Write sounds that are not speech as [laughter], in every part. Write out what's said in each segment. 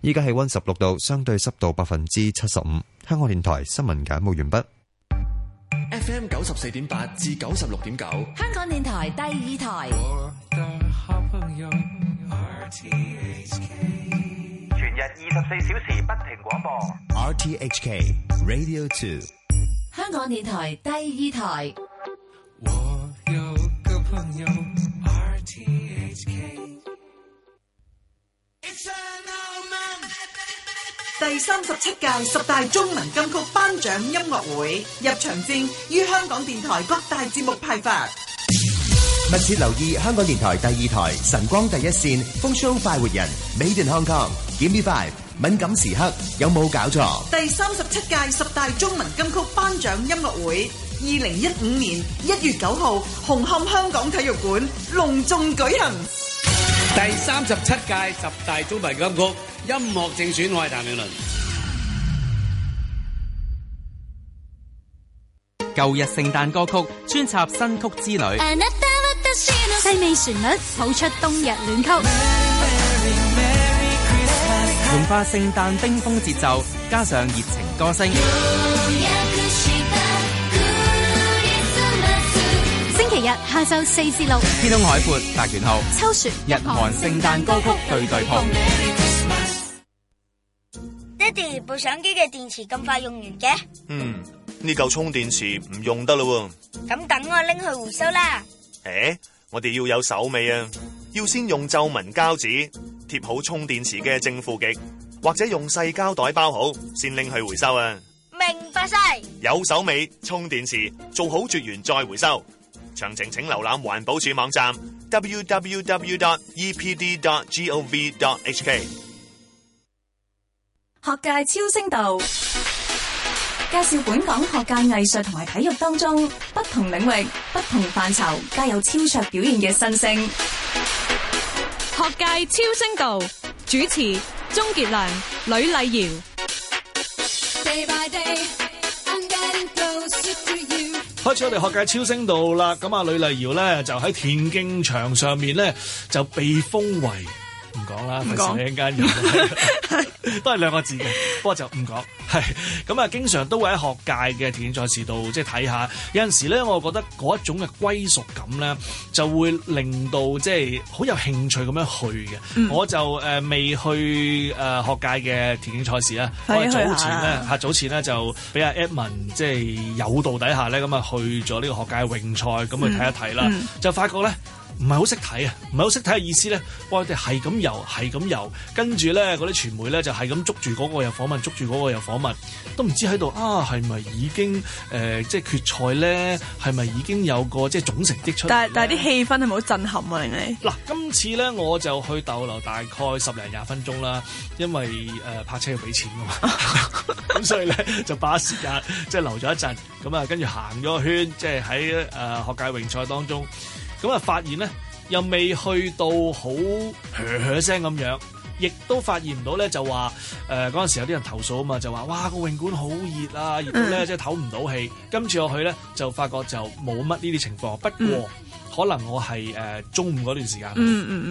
依家氣溫十六度，相對濕度百分之七十五。香港電台新聞簡報完畢。FM 九十四點八至九十六點九，香港電台第二台，全日二十四小時不停廣播。RTHK Radio Two，香港電台第二台。我有個朋友。R T H K 第三十七屆十大中文金曲頒獎音樂會入場證於香港電臺各大節目派發，密切留意香港電臺第二臺《晨光第一線》、《風 show 快活人》、《Made in Hong Kong》、《Give Me Five》、《敏感時刻》，有冇搞錯？第三十七屆十大中文金曲頒獎音樂會，二零一五年一月九號，紅磡香港體育館隆重舉行。第三十七屆十大中文金曲音樂正選，我係譚詠麟。舊日聖誕歌曲專插新曲之旅，細味旋律譜出冬日暖曲，融化聖誕冰封節奏，加上熱情歌聲。日下晝四至六，天空海闊，大團號秋雪日韓聖誕歌曲對對碰。爹哋部相機嘅電池咁快用完嘅？嗯，呢嚿充電池唔用得啦。咁等我拎去回收啦。誒，我哋要有手尾啊，要先用皺紋膠紙貼好充電池嘅正負極，或者用細膠袋包好，先拎去回收啊。明白晒，有手尾充電池做好絕緣再回收。詳情請瀏覽環保署網站 www.epd.gov.hk。學界超星度介紹本港學界、藝術同埋體育當中不同領域、不同範疇皆有超卓表現嘅新星。學界超星度主持：鍾傑良、呂麗瑤。開始我哋學界超新星啦，咁啊，呂麗瑤咧就喺田徑場上面咧就被封為。唔講啦，咪陣間都係兩個字嘅，不過就唔講。係咁啊，經常都會喺學界嘅田徑賽事度即係睇下。有陣時咧，我覺得嗰一種嘅歸屬感咧，就會令到即係好有興趣咁樣去嘅。嗯、我就誒未去誒學界嘅田徑賽事啦。我、嗯、早前咧，吓早前咧就俾阿 Edmond 即係誘導底下咧，咁啊去咗呢個學界嘅泳賽，咁、嗯、去睇一睇啦，嗯、就發覺咧。唔係好識睇啊！唔係好識睇嘅意思咧，我哋係咁遊，係咁遊，跟住咧嗰啲傳媒咧就係咁捉住嗰個又訪問，捉住嗰個又訪問，都唔知喺度啊！係咪已經誒、呃、即係決賽咧？係咪已經有個即係總成績出但？但係但係啲氣氛係咪好震撼啊！令你嗱，今次咧我就去逗留大概十零廿分鐘啦，因為誒泊、呃、車要俾錢啊嘛，咁 [laughs] [laughs] 所以咧就把時間即係留咗一陣，咁啊跟住行咗一圈，即係喺誒學界泳賽當中。咁啊，發現咧又未去到好噏噏聲咁樣，亦都發現唔到咧就話，誒嗰陣時有啲人投訴啊嘛，就話哇、這個泳館好熱啊，熱到咧、嗯、即係唞唔到氣。今次我去咧就發覺就冇乜呢啲情況，不過，嗯可能我係誒中午嗰段時間，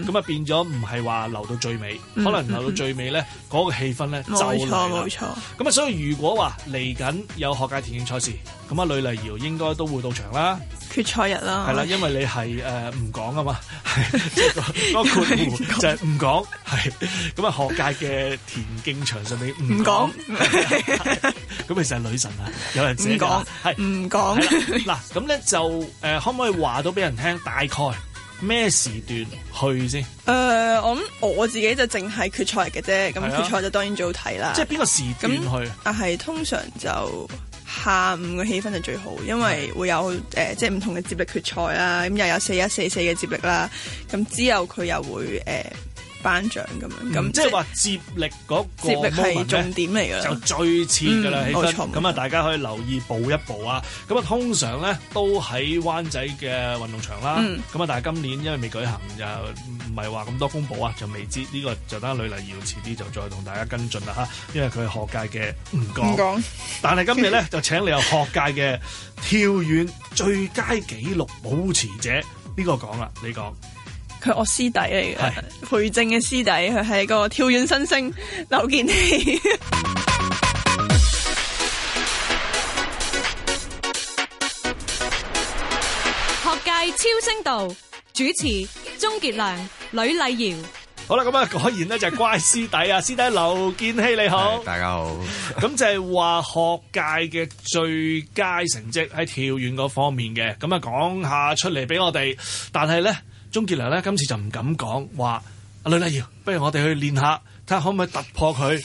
咁啊變咗唔係話留到最尾，可能留到最尾咧，嗰個氣氛咧就咁啊。所以如果話嚟緊有學界田徑賽事，咁啊呂麗瑤應該都會到場啦，決賽日啦。係啦，因為你係誒唔講啊嘛，包括就係唔講，係咁啊學界嘅田徑場上面唔講，咁咪成女神啊？有人自己講係唔講嗱，咁咧就誒可唔可以話到俾人聽？大概咩時段去先？誒、呃，我諗我自己就淨係決賽嘅啫，咁決賽就當然最好睇啦。即係邊個時段去？但係通常就下午嘅氣氛就最好，因為會有誒，即係唔同嘅接力決賽啦，咁又有四一四四嘅接力啦，咁之後佢又會誒。呃頒獎咁樣，咁、嗯、即係話接力嗰個係重點嚟嘅，就最前噶啦，咁啊，大家可以留意補一步啊。咁啊，通常咧都喺灣仔嘅運動場啦。咁啊、嗯，但係今年因為未舉行，又唔係話咁多公布啊，就未知呢、這個就得李嚟要遲啲就再同大家跟進啦吓。因為佢係學界嘅唔講，港但係今日咧 [laughs] 就請你由學界嘅跳遠最佳紀錄保持者呢、這個講啦，你講。佢我師弟嚟嘅，培是正嘅師弟，佢係一個跳遠新星劉建希， [laughs] 學界超聲道主持鍾傑良、呂麗瑤。好啦，咁啊，果然咧就係乖師弟啊，師弟劉建希，你好， [laughs] [laughs] 大家好。咁 [laughs] 就係話學界嘅最佳成績喺跳遠嗰方面嘅，咁啊講下出嚟俾我哋，但係咧。鍾傑良咧，今次就唔敢講話。呂麗瑤，不如我哋去練下，睇下可唔可以突破佢呢、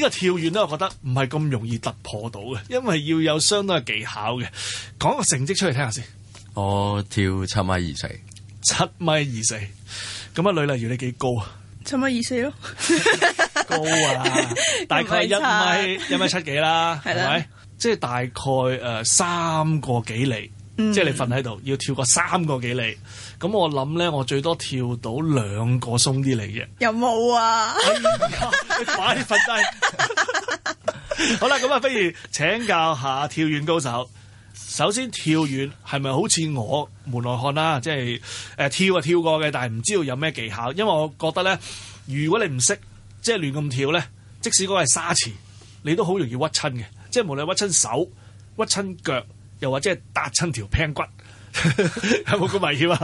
這個跳遠咧？我覺得唔係咁容易突破到嘅，因為要有相當嘅技巧嘅。講個成績出嚟聽下先。我跳七米二四。七米二四。咁啊，呂麗瑤你幾高啊？七米二四咯。 [laughs] 高啊！大概一米 [laughs] 一米七幾啦，係咪 [laughs] 吧？的即係大概誒三個幾厘。即係你瞓喺度，要跳個三個幾厘，咁我諗咧，我最多跳到兩個鬆啲嚟嘅。有冇啊、 [laughs] 哎？你快瞓低。 [laughs] 好啦，咁啊，不如請教下跳遠高手。首先跳遠係咪好似我門內漢啦？即係誒、呃、跳啊跳過嘅，但係唔知道有咩技巧。因為我覺得咧，如果你唔識即係亂咁跳咧，即使嗰個係沙池，你都好容易屈親嘅。即係無論屈親手屈親腳。又或者係搭親條膀骨， [laughs] 有冇咁危險啊？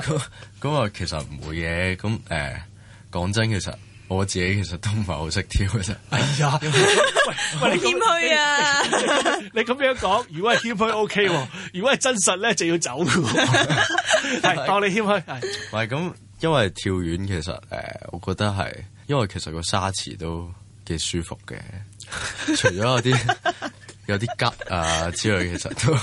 咁啊，其實唔會嘅。咁誒，講、欸、真，其實我自己其實都唔係好識跳嘅啫。哎呀， [laughs] 喂，喂 [laughs] 你謙虛啊？你咁樣講， [laughs] 如果係謙虛 OK，如果係真實咧，就要走嘅。係， [laughs] 當你謙虛係。喂，係咁，因為跳遠其實誒、呃，我覺得係，因為其實個沙池都幾舒服嘅， [laughs] 除咗有啲。 [laughs] 有啲急啊，之類 [laughs] 其實都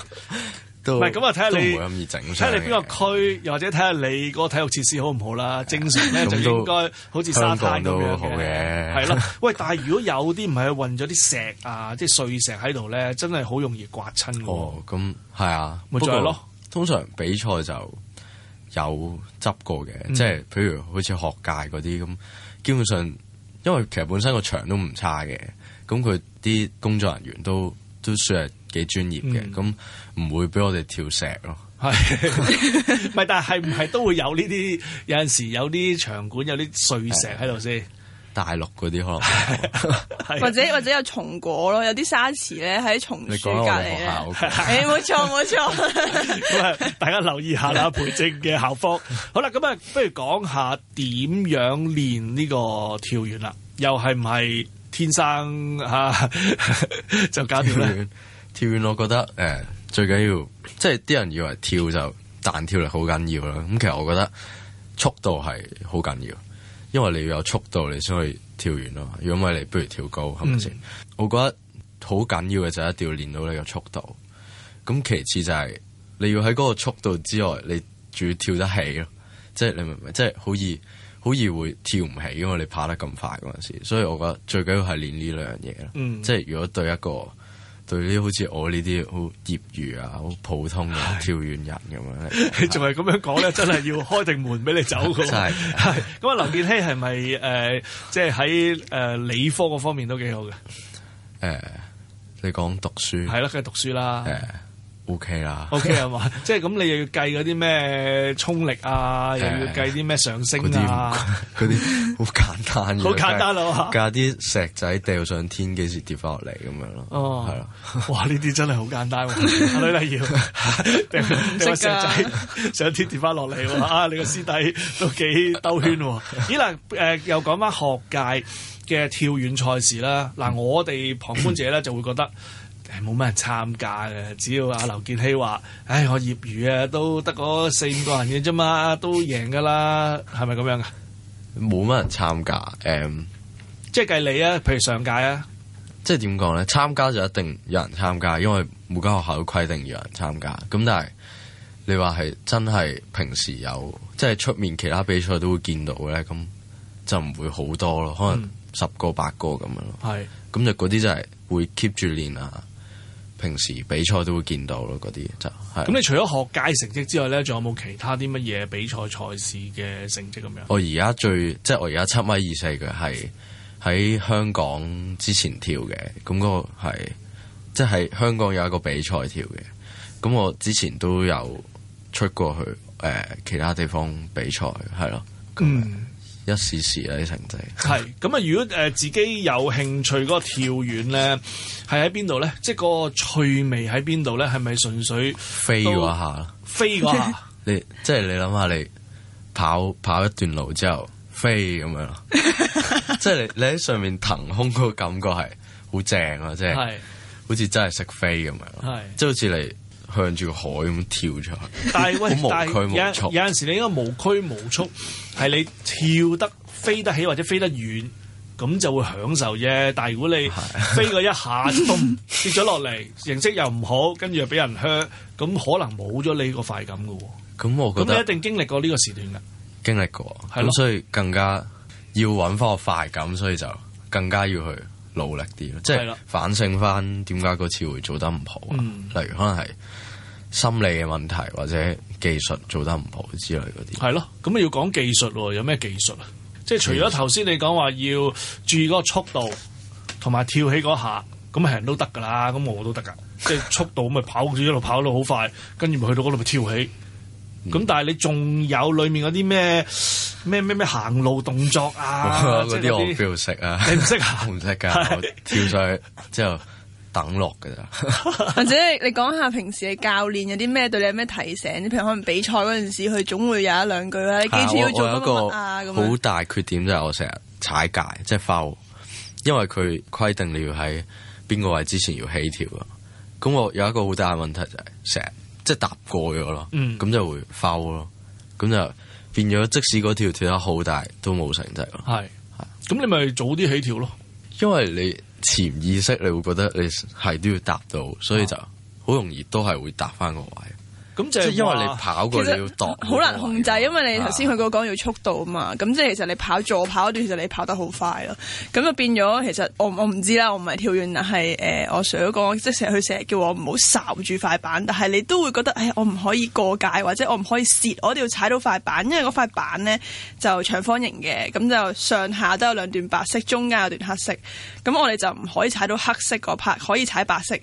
都唔係咁啊！睇下你，睇下你邊個區，又或者睇下你嗰個體育設施好唔好啦。 [laughs] 正常咧就應該好似沙灘咁樣嘅，係咯。 [laughs] 喂，但係如果有啲唔係運咗啲石啊，即係碎石喺度咧，真係好容易刮親嘅。哦，咁係啊，不過咪咯，通常比賽就有執過嘅，嗯、即係譬如好似學界嗰啲咁，基本上因為其實本身個場都唔差嘅，咁佢啲工作人員都。都算係幾專業嘅，咁唔、嗯、會俾我哋跳石咯的。係，係。但係唔係都會有呢啲？有陣時有啲場館，有啲碎石喺度先。大陸嗰啲可能，的或者或者有松果咯，有啲沙池咧喺松樹隔籬。誒、那個，冇錯冇錯。大家留意下啦，培正嘅校方，好啦，咁啊，不如講下點樣練呢個跳遠啦？又係唔係？天生吓、啊、 [laughs] 就搞跳完跳遠，我覺得誒、哎、最緊要，即係啲人以為跳就彈跳力好緊要啦。咁其實我覺得速度係好緊要，因為你要有速度你先可以跳遠咯。如果唔係你不如跳高，係咪先？嗯、我覺得好緊要嘅就一定要練到你嘅速度。咁其次就係你要喺嗰個速度之外，你仲要跳得起咯。即、就、係、是、你明唔明？即係好易。好易會跳唔起，因為你跑得咁快嗰陣時，所以我覺得最緊要係練呢兩樣嘢咯。嗯、即係如果對一個對啲好似我呢啲好業餘啊、好普通嘅跳遠人咁樣，你仲係咁樣講咧， [laughs] 真係要開定門俾你走噶。咁啊 [laughs] 是！的劉建希係咪誒，即係喺誒理科嗰方面都幾好嘅？誒、呃，你講讀書係咯，梗係讀書啦。呃 O K 啦，O K 係嘛，即係咁你又要計嗰啲咩衝力啊，又要計啲咩上升啊，嗰啲好簡單，好 [laughs] 簡單咯，架啲石仔掉上天，幾時跌翻落嚟咁樣咯，係、嗯、 [laughs] 啊。哇呢啲真係好簡單，呂麗瑤掉石仔上天跌翻落嚟，啊你個師弟都幾兜圈喎，咦嗱，誒又講翻學界嘅跳遠賽事啦，嗱我哋旁觀者咧就會覺得。冇乜人參加嘅，只要阿劉建希話，唉，我業餘啊，都得嗰四五個人嘅啫嘛，都贏噶啦，係咪咁樣？冇乜人參加，誒、um，即係計你啊，譬如上屆啊，即係點講咧？參加就一定有人參加，因為每間學校都規定有人參加。咁但係你話係真係平時有，即係出面其他比賽都會見到嘅咧，咁就唔會好多咯，可能十個八個咁樣咯。係、嗯，咁就嗰啲就係會 keep 住練啊。平時比賽都會見到咯，嗰啲就係、是。咁你除咗學界成績之外咧，仲有冇其他啲乜嘢比賽賽事嘅成績咁樣？我而家最即係、就是、我而家七米二四嘅係喺香港之前跳嘅，咁嗰個係即係香港有一個比賽跳嘅，咁我之前都有出過去誒、呃、其他地方比賽係咯。一時時啊，啲成績係咁啊。如果誒自己有興趣嗰個跳遠咧，係喺邊度咧？即係個趣味喺邊度咧？係咪純粹飛嗰下？飛嗰下你即係你諗下，你跑跑一段路之後飛咁樣，即係 [laughs] [laughs] 你你喺上面騰空嗰個感覺係、就是、是好正啊，即係是好似真係識飛咁樣，即係好似你。向住海咁跳出去，好 [laughs] 喂 [laughs] 無拘無束。有有陣時你應該無拘無束，係你跳得飛得起或者飛得遠，咁就會享受啫。但係如果你飛過一下，咚跌咗落嚟，形式又唔好，跟住又俾人靴，咁可能冇咗你個快感噶。咁我覺得咁你一定經歷過呢個時段噶，經歷過。咁係咯，所以更加要搵翻個快感，所以就更加要去。努力啲咯，即係反省返點解嗰次會做得唔好啊？嗯、例如可能係心理嘅問題，或者技術做得唔好之類嗰啲。係咯，咁要講技術喎，有咩技術啊？即係除咗頭先你講話要注意嗰個速度，同埋跳起嗰下，咁係人都得噶啦，咁我都得噶。即係速度咁咪跑住 [laughs] 一路跑到好快，跟住咪去到嗰度咪跳起。咁但係你仲有裏面嗰啲咩咩咩咩行路動作啊？嗰啲我 feel 識啊？啊你唔識啊？唔識噶，是 跳上去之後等落噶咋。或者你講下平時嘅教練有啲咩對你有咩提醒？你譬如可能比賽嗰陣時，佢總會有一兩句啦，你記住要做、啊、一乜啊咁。好大缺點就係我成日踩界，即係 foul，因為佢規定你要喺邊個位之前要起跳咯。咁我有一個好大問題就係成。即係踏過咗咯，咁、嗯、就會爆咯，咁就變咗。即使嗰條跳得好大，都冇成績咯。係是，咁是你咪早啲起跳咯。因為你潛意識你會覺得你係都要踏到，所以就好容易都係會踏翻個位。咁就係因為你跑嗰段要度，好難控制，因為你頭先佢嗰個講要速度嘛。咁、啊、即係其實你跑助跑嗰段，其實你跑得好快咯。咁就變咗，其實我我唔知啦，我唔係跳遠，但係、呃、我 sir 嗰個即係佢成日叫我唔好哨住塊板，但係你都會覺得誒我唔可以過界或者我唔可以蝕，我都要踩到塊板，因為嗰塊板呢就長方形嘅，咁就上下都有兩段白色，中間有段黑色。咁我哋就唔可以踩到黑色嗰 part，可以踩白色。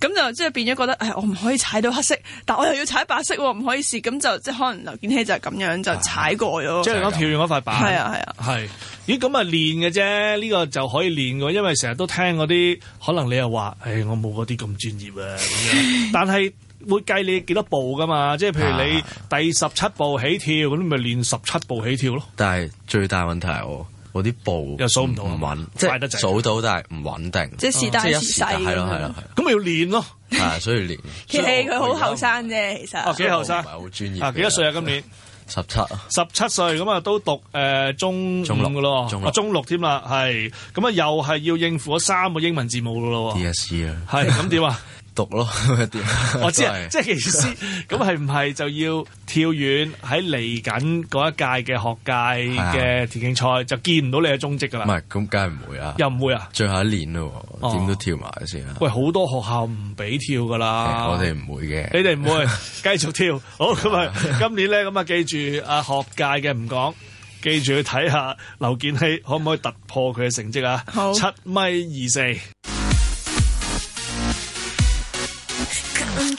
咁就即係變咗覺得誒我唔可以踩到黑色，但我又要踩踩白色唔可以試，咁就即係可能劉建希就係咁樣、啊、就踩過咗咯。即係講跳完嗰塊板。係啊係啊。係、啊，咦咁啊練嘅啫，呢、呢個就可以練嘅，因為成日都聽嗰啲，可能你又話，誒我冇嗰啲咁專業啊， [laughs] 但係會計你幾多步噶嘛，即係譬如你第十七步起跳，咁咪、啊、練十七步起跳咯。但係最大問題嗰啲步，又數唔到，唔穩，即係數到但係唔穩定，即係時大時細，係咯係咯係。咁咪要練咯，係所以練。其實佢好後生啫，其實哦幾後生，唔係好專業。啊幾多歲啊今年？十七啊，十七歲咁啊都讀誒中五嘅咯，啊中六添啦，係咁啊又係要應付咗三個英文字母咯，DSE 啊，係咁點啊？讀咯，我知啊，即係其實咁係唔係就要跳遠喺嚟緊嗰一屆嘅學界嘅田徑賽就見唔到你嘅蹤迹噶啦？唔係，咁梗係唔會啊！又唔會啊？最後一年咯，點都跳埋先啊！喂，好多學校唔俾跳噶啦，我哋唔會嘅，你哋唔會繼續跳。好咁啊，今年咧咁啊，記住啊，學界嘅唔講，記住去睇下劉建希，可唔可以突破佢嘅成績啊？七米二四。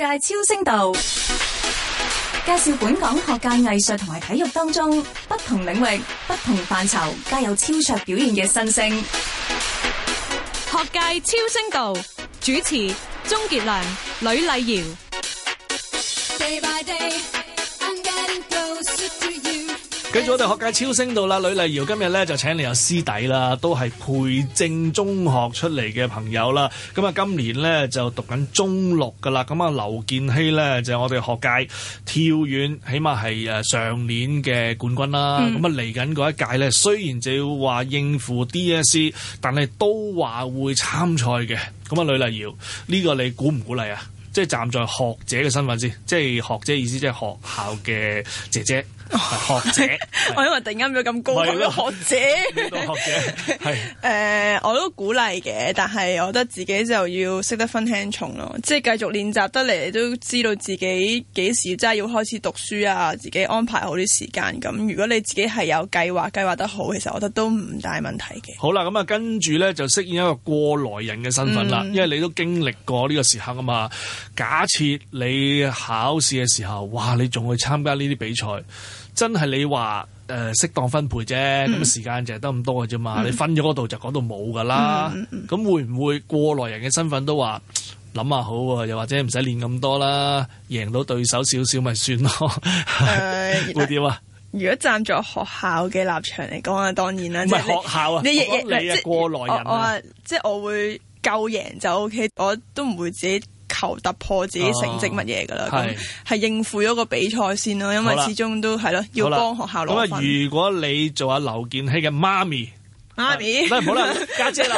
界超聲道介紹本港學界、藝術同埋體育當中不同領域、不同範疇皆有超卓表現嘅新星。學界超聲道主持：鍾傑良、呂麗瑤。跟住我哋學界超聲到啦，呂麗瑤今日咧就請你有師弟啦，都係培正中學出嚟嘅朋友啦。咁啊，今年咧就讀緊中六噶啦。咁啊，劉建希咧就係我哋學界跳遠起碼係誒上年嘅冠軍啦。咁啊、嗯，嚟緊嗰一屆咧，雖然就要話應付 DSC，但係都話會參賽嘅。咁啊，呂麗瑤呢個你鼓唔鼓勵啊？即係站在學者嘅身份先，即係學者意思，即係學校嘅姐姐。學者， [laughs] 我因為突然間變咁高級的，咪咯學者。 [laughs] 學姐係誒， [laughs] 的 uh, 我都鼓勵嘅，但係我覺得自己就要識得分輕重咯，即係繼續練習得嚟，你都知道自己幾時真係要開始讀書啊，自己安排好啲時間。咁如果你自己係有計劃，計劃得好，其實我覺得都唔大問題嘅。好啦，咁啊，跟住咧就飾演一個過來人嘅身份啦，嗯、因為你都經歷過呢個時刻啊嘛。假設你考試嘅時候，哇，你仲去參加呢啲比賽？真係你話誒適當分配啫，咁時間就係得咁多嘅啫嘛，你分咗嗰度就講到冇噶啦。咁會唔會過來人嘅身份都話諗下好，又或者唔使練咁多啦，贏到對手少少咪算咯。會點啊？如果站在學校嘅立場嚟講啊，當然啦。唔係學校啊，你你你過來人啊，即係我會夠贏就 OK，我都唔會自己。求突破自己成績乜嘢噶啦，咁係、哦、應付咗個比賽先咯，因為始終都係咯，了要幫學校攞分咁啊，如果你做下劉建希嘅媽咪，媽咪，唔好啦，家姐啦，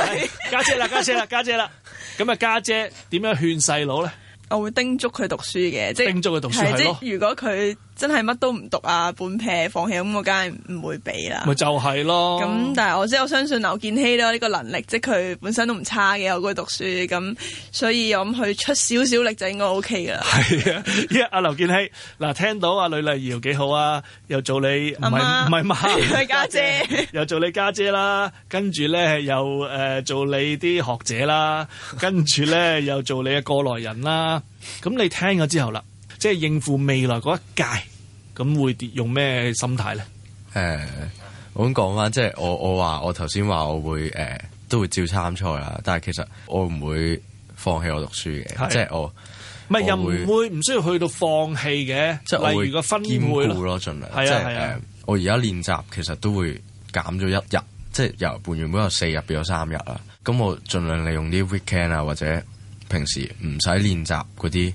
家、 [laughs] 哎、姐啦，家姐啦，家姐啦，咁啊，家姐點樣勸細佬咧？我會叮囑佢讀書嘅，即係叮囑佢讀書，即如果佢。真係乜都唔讀啊，半撇放棄咁，我梗係唔會畀啦。咪就係咯。咁但係我即係我相信劉建希咯，呢個能力即係佢本身都唔差嘅，我估佢讀書咁，所以我咁去出少少力就應該 O K 噶啦。係啊，依阿劉建希嗱， [laughs] 聽到阿呂麗瑤幾好啊，又做你唔係唔係媽，唔係家姐， [laughs] [laughs] 又做你家姐，姐啦，跟住咧又誒做你啲學者啦，跟住咧又做你嘅過來人啦。咁 [laughs] [laughs] [noise] 你聽咗之後啦。即係應付未來嗰一屆，咁會用咩心態咧？誒、呃，我咁講翻，即係我我話我頭先話我會誒、呃、都會照參賽啦，但係其實我唔會放棄我讀書嘅，的即係我唔係是會又唔會唔需要去到放棄嘅，即係例如個分會咯，盡量。係啊係啊，我而家練習其實都會減咗一日，即係由原本有四日變咗三日啦。咁我盡量利用啲 weekend 啊，或者平時唔使練習嗰啲。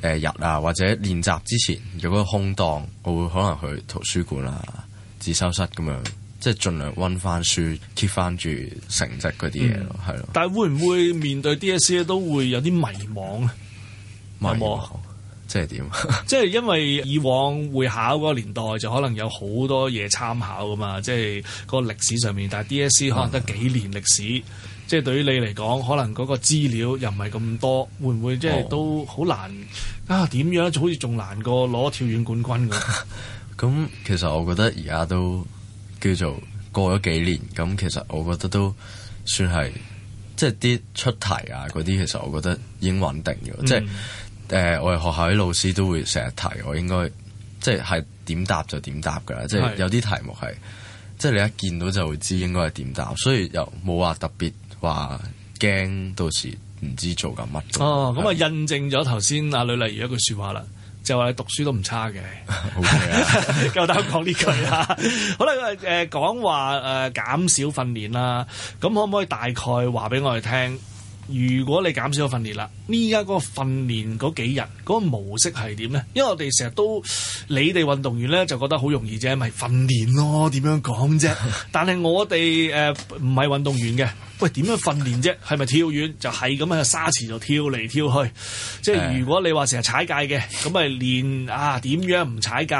誒、呃、日啊，或者練習之前有嗰個空檔，我會可能去圖書館啊、自修室咁樣，即係盡量温翻書、keep 翻住成績嗰啲嘢咯，係咯、嗯。的但係會唔會面對 DSE 都會有啲迷茫啊？迷茫惑有。即係點？即係因為以往會考嗰個年代就可能有好多嘢參考噶嘛，即係個歷史上面。但係 DSE 可能得幾年歷史，嗯、即係對於你嚟講，可能嗰個資料又唔係咁多，會唔會即係都好難、哦、啊？點樣？好似仲難過攞跳遠冠軍咁。咁 [laughs] 其實我覺得而家都叫做過咗幾年，咁其實我覺得都算係即係啲出題啊嗰啲，其實我覺得已經穩定嘅，即係、嗯。誒、呃，我哋學校啲老師都會成日提，我應該即係點答就點答㗎啦是，即係有啲題目係，即係你一見到就會知應該係點答，所以又冇話特別話驚到時唔知做緊乜。哦，咁啊是、哦、印證咗頭先阿呂麗瑤一句說話啦，就話你讀書都唔差嘅，好嘅，夠膽講呢句啊。好啦，誒、呃，講話誒、減、呃、少訓練啦，咁可唔可以大概話俾我哋聽？如果你減少咗訓練啦，呢家嗰個訓練嗰幾日嗰、嗰個模式係點咧？因為我哋成日都你哋運動員咧就覺得好容易啫，咪、就係、訓練咯，點樣講啫？ [laughs] 但係我哋誒唔係運動員嘅，喂點樣訓練啫？係咪跳遠就係咁喺沙池度跳嚟跳去？即係如果你話成日踩界嘅，咁咪練啊，點樣唔踩界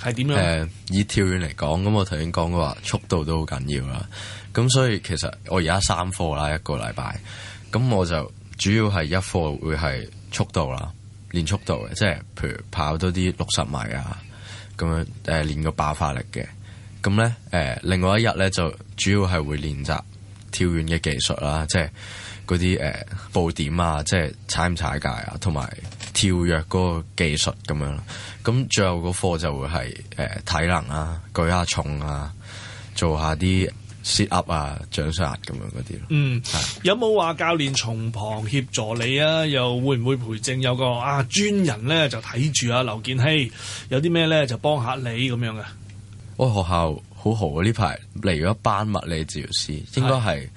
係點樣？誒、呃，以跳遠嚟講，咁我頭先講嘅話，速度都好緊要啦。咁所以其實我而家三課啦，一個禮拜。咁我就主要係一課會係速度啦，練速度嘅，即係譬如跑多啲六十米啊，咁樣誒練、呃、個爆發力嘅。咁咧誒，另外一日咧就主要係會練習跳遠嘅技術啦，即係嗰啲誒步點啊，即係踩唔踩界啊，同埋跳躍嗰個技術咁樣。咁最後嗰課就會係誒、呃、體能啦、啊，舉下重啊，做一下啲。蝕鴨啊，up, uh, 掌上壓，咁樣嗰啲咯。嗯，是有冇話教練從旁協助你啊？又會唔會培正有個啊專人咧就睇住啊劉建希，有啲咩咧就幫下你咁樣嘅？我、哦、學校好好啊，呢排嚟咗一班物理治療師，是應該係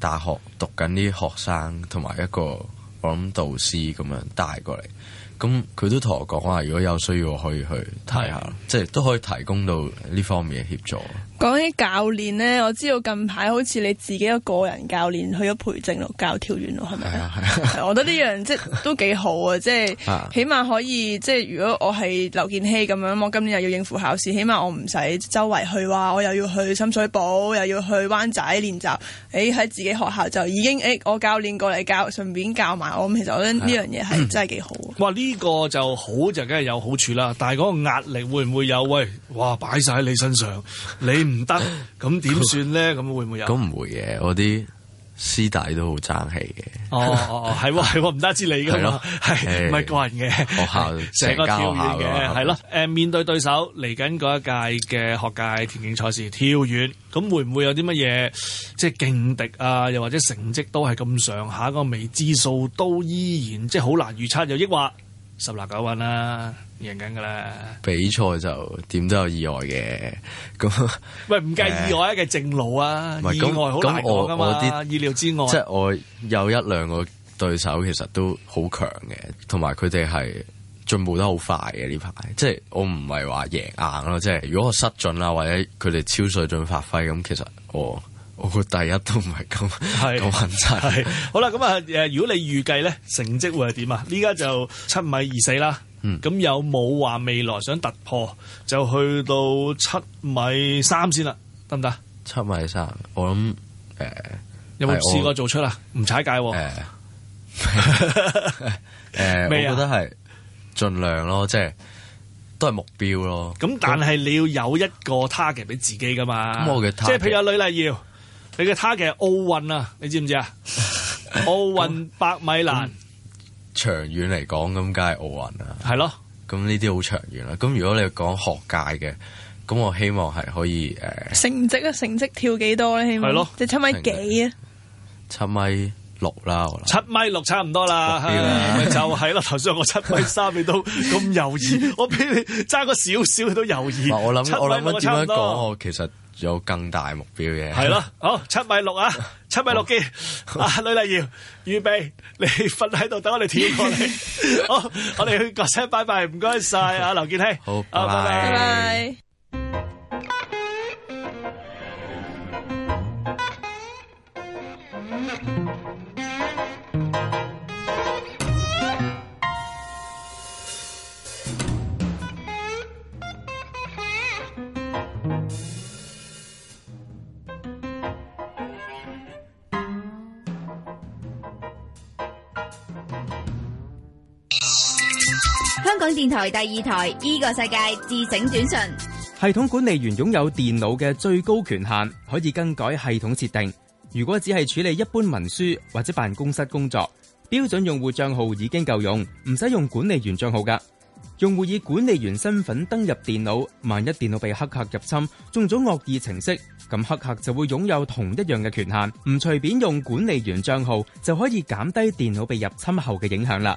大學讀緊啲學生同埋一個我諗導師咁樣帶過嚟。咁佢都同我講話，如果有需要，我可以去睇下，即係都可以提供到呢方面嘅協助。講起教練咧，我知道近排好似你自己嘅個人教練去咗培正咯，教跳遠咯，係咪啊？係 [laughs] 我覺得呢樣即都幾好啊，即係 [laughs] 起碼可以即係，如果我係劉建希咁樣，我今年又要應付考試，起碼我唔使周圍去話，我又要去深水埗，又要去灣仔練習。誒、哎，喺自己學校就已經誒、哎，我教練過嚟教，順便教埋我。咁其實我覺得呢樣嘢係 [laughs] 真係幾好。嗯。哇、呢、這個就好就梗係有好處啦，但係嗰個壓力會唔會有？喂，哇，擺晒喺你身上，你。 [laughs] [laughs] 唔得，咁點、 [laughs] 嗯、算咧？咁會唔會有？咁唔會嘅，我啲師弟都好爭氣嘅、 [laughs] 哦。哦哦哦，係係唔得之你噶嘛？係 [laughs] 咪個人嘅？學校成個跳遠嘅係咯。誒、嗯，面對對手嚟緊嗰一屆嘅學界田徑賽事跳遠，咁、嗯嗯呃、會唔會有啲乜嘢即係勁敵啊？又或者成績都係咁上下嗰個未知數，都依然即係好難預測。又抑或十拿九穩啊？贏緊噶啦！比賽就點都有意外嘅，咁喂唔計意外、欸、啊，計正路啊，意外好難講噶嘛！意料之外，即係我有一兩個對手其實都好強嘅，同埋佢哋係進步得好快嘅呢排。即係我唔係話贏硬咯，即係如果我失準啦，或者佢哋超水準發揮，咁其實我我個第一都唔係咁咁穩晒。好啦，咁啊誒，如果你預計咧成績會係點啊？依家就七米二四啦。嗯，咁有冇話未來想突破就去到七米三先啦，得唔得？七米三，我諗誒，呃、有冇沒試過做出啊？唔踩界，誒，我覺得係盡量咯，即係都係目標咯。咁但係你要有一個 target 俾自己噶嘛？咁我嘅 target，即係譬如阿呂麗瑤，你嘅 target 係奧運啊？你知唔知啊？奧運 [laughs] 那百米欄 [laughs] 那。長遠嚟講，咁梗係奧運啦。係咯的，咁呢啲好長遠啦。咁如果你講學界嘅，咁我希望係可以誒成績啊，成績跳幾多咧？希望係咯，七米幾啊？七米六啦，我七米六差唔多啦，咪、啊 [laughs] 哎、就係、是、咯。頭先我七米三，你都咁猶豫， [laughs] 我俾你爭個少少，你都猶豫。我諗我諗點樣講，我其實有更大目標嘅的。係咯， [laughs] 好七米六啊！ [laughs] 七米六幾，好啊，呂麗瑤，預備，你瞓喺度等我哋跳過嚟。 [laughs] 好，我哋去講聲拜拜，唔該晒，啊，劉建希，好，拜拜。電台第二台，呢個世界自省短信。系統管理員擁有電腦嘅最高權限，可以更改系統設定。如果只係處理一般文書或者辦公室工作，標準用戶賬號已經夠用，唔使用管理員賬號噶。用戶以管理員身份登入電腦，萬一電腦被黑客入侵，中咗惡意程式，咁黑客就會擁有同一樣嘅權限。唔隨便用管理員賬號就可以減低電腦被入侵後嘅影響啦。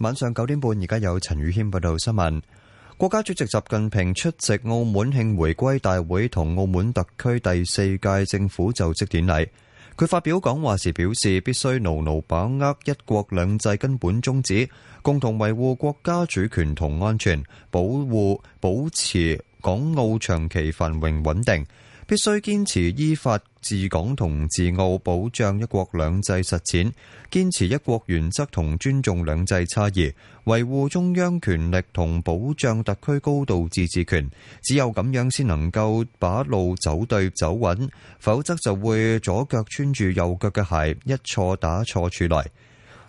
晚上九點半，而家有陳宇謙報道新聞。國家主席習近平出席澳門慶回歸大會同澳門特區第四屆政府就職典禮。佢發表講話時表示，必須牢牢把握一國兩制根本宗旨，共同維護國家主權同安全，保護保持港澳長期繁榮穩定。必須堅持依法治港同治澳，保障一國兩制實踐；堅持一國原則同尊重兩制差異，維護中央權力同保障特區高度自治權。只有咁樣，先能夠把路走對走穩，否則就會左腳穿住右腳嘅鞋一挫挫，一錯打錯出嚟。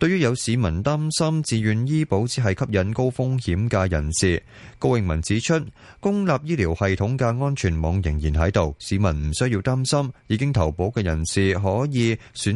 對於有市民擔心，自願醫保只係吸引高風險嘅人士，高永文指出，公立醫療系統嘅安全網仍然喺度，市民唔需要擔心。已經投保嘅人士可以選。